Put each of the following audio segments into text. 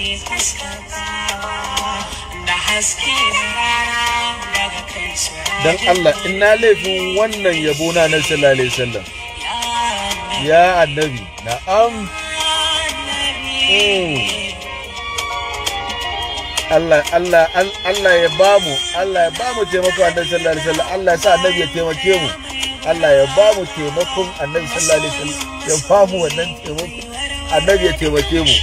Don dan Allah ina laifin wannan yabo na nan sallallahu alaihi wasallam ya annabi na'am hmm. Allah Allah Allah ya mu, Allah ya bamu taimako annabi sallallahu alaihi wasallam Allah ya sa annabi ya taimake mu Allah ya bamu taimakon annabi sallallahu alaihi wasallam ya bamu wannan taimako annabi ya taimake mu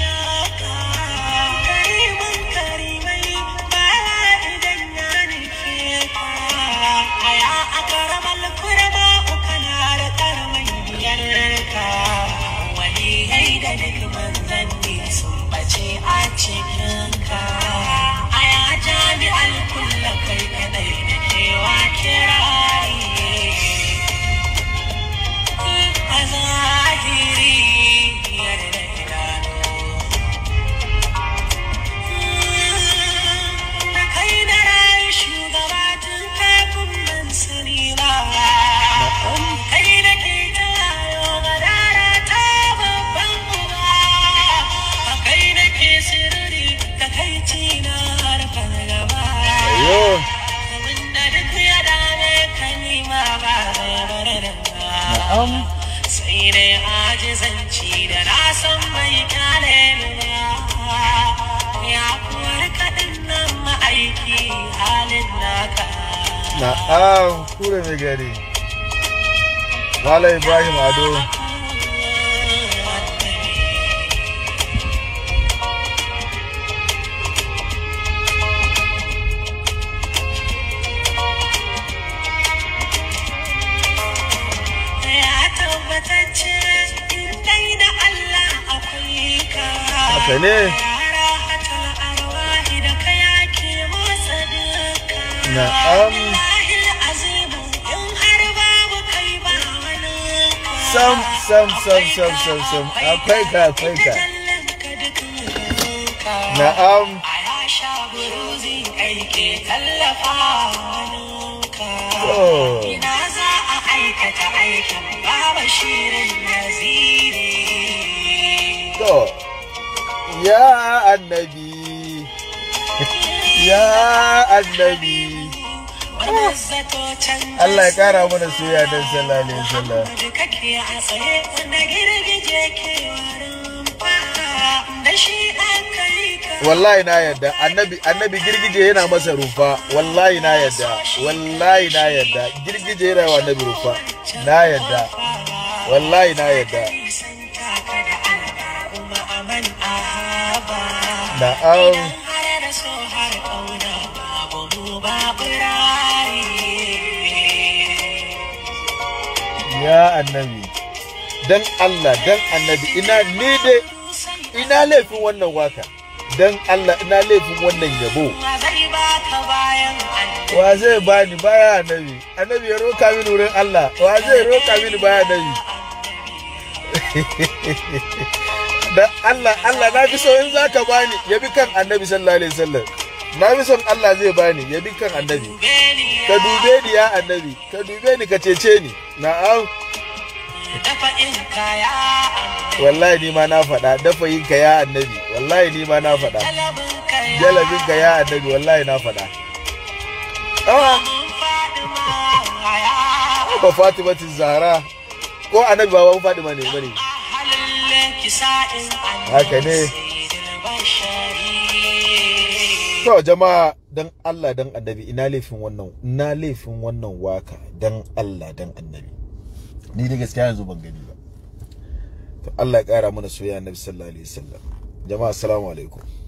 ganin manzanni sun bace a cikinka a jami'an kulle kulla kai kadai da kewa kira sai dai ajizanci da na san bai kyale ya kuwar kaɗin nan ma'aiki halin naka na'am kure mai gari Wala Ibrahim Ado. haka ne na'am sam sam sam sam sam sam akwai ah, ka akwai ka na'am oh. Ina a aikata aikin baba shirin ya annabi ya annabi Allah ya kara mana soya don sallah ne sallah. Wallahi na yadda annabi annabi girgije yana masa rufa wallahi na yadda wallahi na yadda girgije yana wa annabi rufa na yadda wallahi na yadda um, ya annabi dan Allah dan annabi ina ni dai ina laifin wannan waka dan Allah ina laifin wannan yabo wa zai ba bani baya annabi annabi ya roka mini wurin Allah wa zai roka mini baya annabi da Allah Allah na fi so in zaka bani ya bi kan annabi sallallahu alaihi wasallam na fi son Allah zai bani ya bi kan annabi ka dube ni ya annabi ka dube ni ka cece ni na'am wallahi ni ma na faɗa dafa yin ka ya annabi wallahi ni ma na faɗa jalabin ka ya annabi wallahi na faɗa ba fatima Zahra ko annabi ba ba fatima ne bane haka ne to jama'a dan Allah dan annabi ina laifin wannan ina laifin wannan waka dan Allah dan annabi ni da gaskiya yanzu ban gani ba to Allah ya kara mana soyayya annabi sallallahu alaihi wasallam jama'a assalamu alaikum